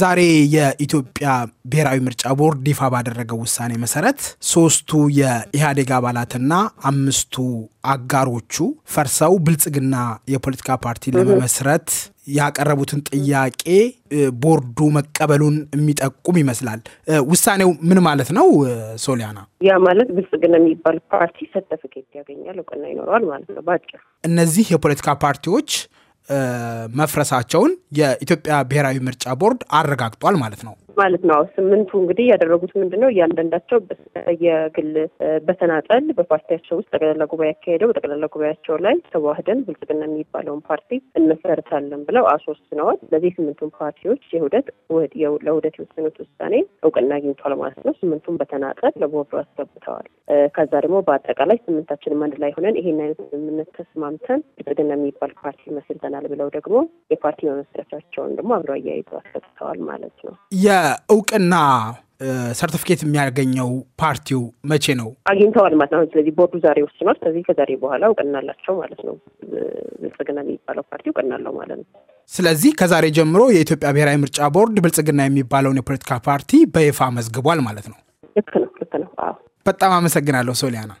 ዛሬ የኢትዮጵያ ብሔራዊ ምርጫ ቦርድ ይፋ ባደረገው ውሳኔ መሰረት ሶስቱ የኢህአዴግ አባላትና አምስቱ አጋሮቹ ፈርሰው ብልጽግና የፖለቲካ ፓርቲ ለመመስረት ያቀረቡትን ጥያቄ ቦርዱ መቀበሉን የሚጠቁም ይመስላል። ውሳኔው ምን ማለት ነው? ሶሊያና፣ ያ ማለት ብልጽግና የሚባል ፓርቲ ሰርተፊኬት ያገኛል፣ እውቅና ይኖረዋል ማለት ነው። በአጭር እነዚህ የፖለቲካ ፓርቲዎች መፍረሳቸውን የኢትዮጵያ ብሔራዊ ምርጫ ቦርድ አረጋግጧል ማለት ነው። ማለት ነው። ስምንቱ እንግዲህ ያደረጉት ምንድን ነው? እያንዳንዳቸው የግል በተናጠል በፓርቲያቸው ውስጥ ጠቅላላ ጉባኤ ያካሄደው በጠቅላላ ጉባኤያቸው ላይ ተዋህደን ብልጽግና የሚባለውን ፓርቲ እንመሰርታለን ብለው አስወስነዋል። ለዚህ ስምንቱን ፓርቲዎች የውህደት ለውህደት የወሰኑት ውሳኔ እውቅና አግኝቷል ማለት ነው። ስምንቱን በተናጠል ለቦርዱ አስገብተዋል። ከዛ ደግሞ በአጠቃላይ ስምንታችንም አንድ ላይ ሆነን ይሄን አይነት ስምምነት ተስማምተን ብልጽግና የሚባል ፓርቲ መስርተናል ብለው ደግሞ የፓርቲ መመስረቻቸውን ደግሞ አብረው አያይዘው አስገብተዋል ማለት ነው። እውቅና ሰርቲፊኬት የሚያገኘው ፓርቲው መቼ ነው አግኝተዋል ማለት ነው። ስለዚህ ቦርዱ ዛሬ ወስኗል። ስለዚህ ከዛሬ በኋላ እውቅና አላቸው ማለት ነው። ብልጽግና የሚባለው ፓርቲ እውቅና አለው ማለት ነው። ስለዚህ ከዛሬ ጀምሮ የኢትዮጵያ ብሔራዊ ምርጫ ቦርድ ብልጽግና የሚባለውን የፖለቲካ ፓርቲ በይፋ መዝግቧል ማለት ነው። ልክ ነው፣ ልክ ነው። በጣም አመሰግናለሁ ሶሊያና።